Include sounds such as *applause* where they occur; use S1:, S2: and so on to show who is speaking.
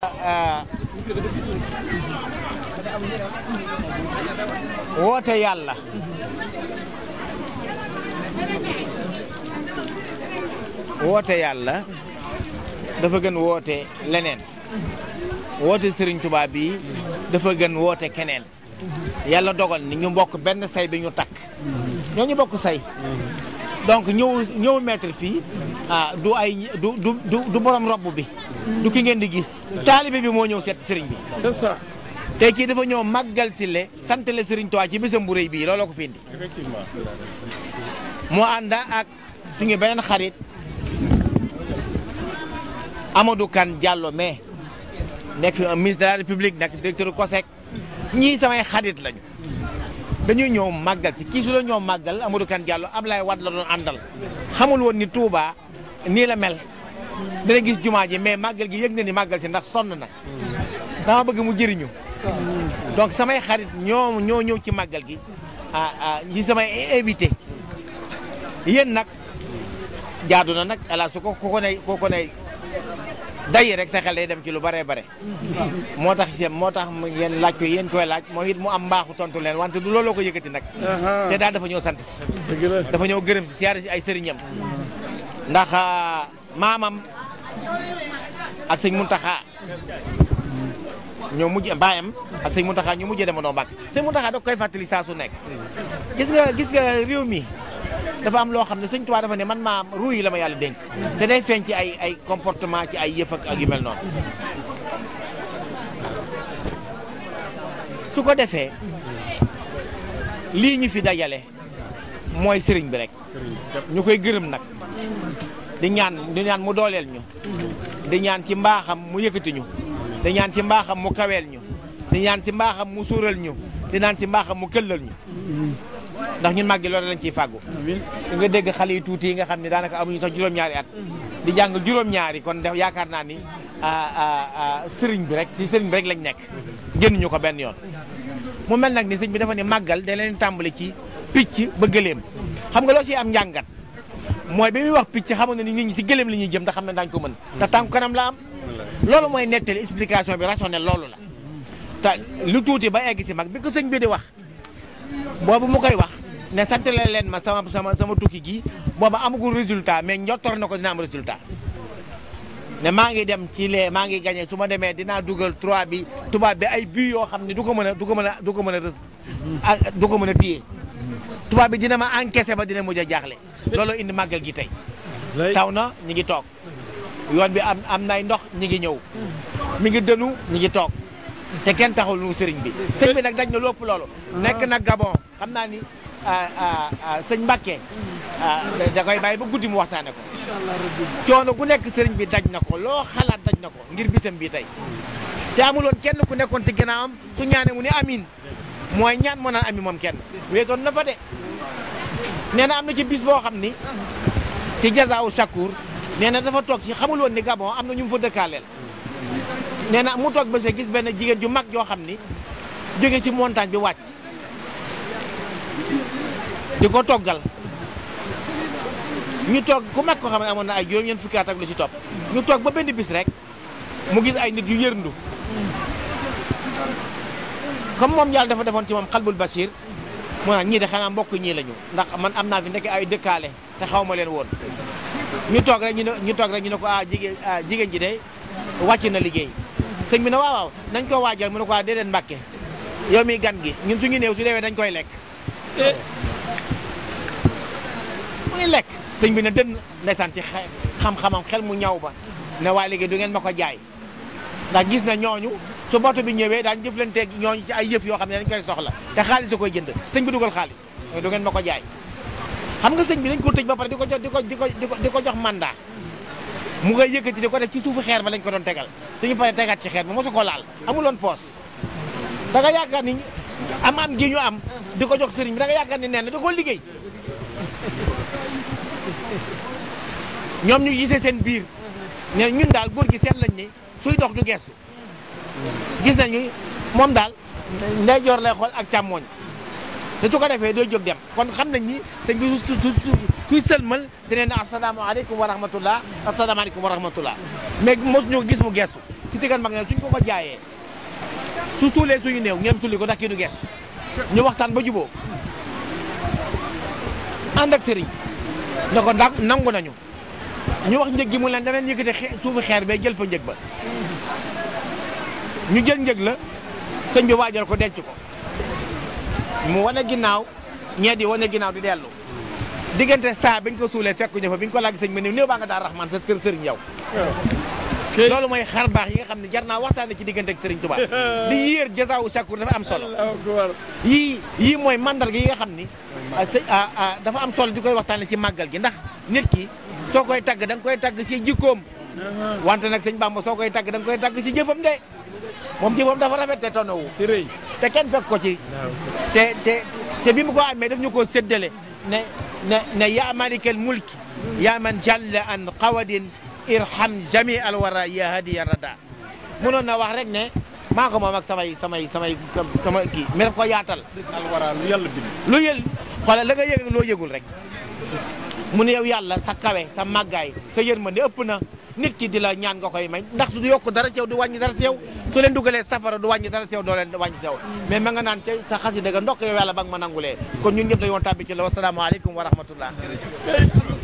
S1: Ah. woote yàlla woote yàlla dafa gën woote leneen woote Serigne Touba bi dafa gën woote keneen yàlla dogal ni ñu bokk benn say bi ñu takk ñoo ñu bokk say donc ñëw ñëw maître fii ah, du ay du borom robb bi du ki ngeen di gis taalibe bi moo ñëw seet sëriñ bi c'est ça tey kii dafa ñëw màggal si le sant le sëriñ Tuubaa bu rëy bii looloo ko fi indi effectivement ànd ak suñu beneen xarit Amadou kan Diallo mais nekk un ministre de la République nekk directeur COSEC ñii samay xarit lañu dañuy ñëw màggal si kii su la ñëw màggal Amadou Kane Diallo Ablaye Wade la doon àndal xamul woon ni Touba nii la mel dana gis jumaa ji mais màggal gi yëg na ni màggal si ndax sonn na dama bëgg mu jëriñu donc samay xarit ñoo ñoo ñëw ci màggal gi ah ñi ah, samay invité yéen nag jaadu na nag ala ko ko ko ne day rek sa xel day dem ci lu bëree bare moo tax si moo tax ngeen laaj ko yéen koy laaj moom it mu am mbaaxu tontu leen wante du looloo ko yëkkati nag. te daal dafa ñëw sant si. dafa ñëw gërëm si siyaare si ay sëriñam. ndax ah, maamam ak sëñ Muntaxa ñoo mujj baayam ak sëñ Muntaxa ñu mujjee demoon Mbàkke sëñ taxa da koy fàttali saa su nekk. gis nga gis réew mi. dafa am loo xam ne sëñ Tuubaa dafa ne man maa ruu yi la ma yàlla dénk te day feeñ ci ay ay comportement ci ay yëf ak yu mel noonu su ko defee lii ñu fi dajale mooy sëriñ bi rek ñu koy gërëm nag di ñaan di ñaan mu dooleel ñu di ñaan ci mbaaxam mu yëkkati ñu di ñaan ci mbaaxam mu kaweel ñu di ñaan ci mbaaxam mu suural ñu di ñaan ci mbaaxam mu këllal ñu ndax ñun mag gi loolu ciy fàggu nga dégg xale yu tuuti yi nga xam ne daanaka amuñu sax juróom-ñaari at di jàng juróom-ñaari kon def yaakaar naa ni ah, ah, ah, sëriñ bi rek si sëriñ bi rek nekk génnuñu ko benn yoon mu mel nag ni sëñ bi dafa ne màggal da tàmbali ci picc ba gëléem xam nga loo ciy am njàngat mooy bi muy wax picc xamoon na ni nit si gëléem la ñuy jëm te xam ne daañu ko mën te tànku kanam la loolu mooy nettali explication bi rationnel loolu la te lu tuuti ba egg si mag bi ko sëñ bi di wax boobu mu koy wax ne sant leen ma sama sama sama tukki gi booba amagul résultat mais njottor na ko dina am résultat ne maa ngi dem ci lee maa ngi gañe su ma demee dinaa dugal trois bi tubaab bi ay bu yoo xam ne du ko mën a du ko mën a du ko mën a rës du ko mën a téye tubaab bi dina ma encaissé ba dina mujj a jaaxle loolu indi màggal gi tey taw na ñi ngi toog yoon bi am am nay ndox ñi ngi ñëw mi ngi dënu ñi ngi toog te kenn taxul nu sëriñ bi sëriñ bi nag dañ na lépp loolu nekk nag Gabon xam naa ni sëñ Mbàkke mm. da koy bàyyi ba guddi mu waxtaane ko coono gu nekk sëriñ bi daj na ko loo xalaat daj na ko ngir bisam bi tey mm. te amuloon kenn ku nekkoon si gannaawam su ñaane mu ne amin mooy ñaan moo naan amin moom kenn weetoon na fa de nee na am na ci bis boo xam ni ah. ci jazaawu Sakour nee na dafa toog ci xamuloon woon ni Gabon am na ñu mu dëkkaaleel mm. nee na mu toog ba see gis benn jigéen ju mag joo xam ni jóge ci montagne bi wàcc di ko toggal ñu toog ku mag ko xam ne amoon na ay juróom-ñeent fukki at ak lu ci topp ñu toog ba benn bis rek mu gis ay nit yu yërndu comme moom yàlla dafa defoon ci moom xalbul basiir mu naan ñii de xanaa mbokk ñii lañu ndax man am naa fi nekk ay dëkkaale te xaw ma leen woon ñu toog rek ñu ne ñu toog rek ñu ne ko ah jigéen ah, jigéen ji de wàcc na liggéey sëñ bi ne waaw waaw nañ ko waajal mu ne ko ah déedéet mbàkke yow mi gan gi ñun ñu néew su deewee dañ koy lekk eh, muy lekk sëñ bi na dënn ndeysaan ci xam-xamam xel mu ñaw ba ne waa léegi du ngeen ma ko jaay ndax gis na ñooñu su bato bi ñëwee daañu jëflanteeg ñooñu ci ay yëf yoo xam ne dañ koy soxla te xaalis koy jënd sëñ bi dugal xaalis du ngeen ma ko jaay xam nga sëñ bi dañ ko tëj ba pare di ko jox di ko di ko di ko jox mandat mu ngay yëkkati di ko def ci suufu xeer ba lañ ko doon tegal suñu paree tegaat ci xeer ba mosu ko laal amuloon poos da nga yaakaar ni am am gi am di ko jox sëriñ bi da nga yaakaar ni nee na da koo liggéey ñoom ñu gisee seen biir ne ñun daal góor gi seet lañ ne suy dox du gestu gis nañu moom daal ndeyjoor lay xool ak càmmooñ te su ko defee doo jóg dem kon xam nañ ni sëñ bi su su suy sëlmal dina ne asalaamaaleykum wa rahmatullah asalaamaaleykum wa rahmatullah mais mosuñu ko gis mu gestu ci sigan mag ne suñ ko ko jaayee su suulee suñu néew ngeen tulli ko ndax kii du gestu ñu waxtaan ba juboo ànd ak sëriñ na ko ndax nangu nañu ñu wax njëg gi mu leen danañ yëkkati xe suufu xeer bee jël fa njëg ba ñu jël njëg la sëñ bi waajal ko denc ko mu wane ginnaaw ñee di wane ginnaaw di dellu diggante saa biñ ko suulee fekk ñu fa biñ ko laaj sëñ bi néew baa nga daal raxmaan sa kër sëriñ yow loolu mooy xar baax yi nga xam ne jar naa waxtaane ci diggante ak Serigne Touba *laughs* di yéer jasaawu sakkur dafa am solo yii yii mooy mandal yi nga xam ni dafa am solo di koy waxtaane ci màggal gi ndax nit ki soo koy tagg da nga koy tagg si jikkoom uh-huh. wante nag sëñ Bamba soo koy tagg da koy tagg si jëfam de moom jëfam dafa rafet te tonowu te kenn fekk ko ci te te te bi mu ko amee daf ñu ko séddale ne ne ne yaa malikal mulki yaa man jalla an qawadin irham jami al wara ya hadiya rada noon na wax rek ne maa ko moom ak samay samay samay sama kii mais daf ko yaatal lu yàlla bind lu yël xoolal la nga yëg loo yëgul rek mu ne yow yàlla sa kawe sa màggaay sa yërmande ëpp na nit ki di la ñaan nga koy may ndax su du yokk dara ci yow du wàññi dara ci yow su leen dugalee safara du wàññi dara ci doo leen wàññi ci yow mais ma nga naan sa xasida ga ndokk yow yàlla ba nga ma nangulee kon ñun ñëpp dañoo tàbbi ci la wasalaamaaleykum wa rahmatullah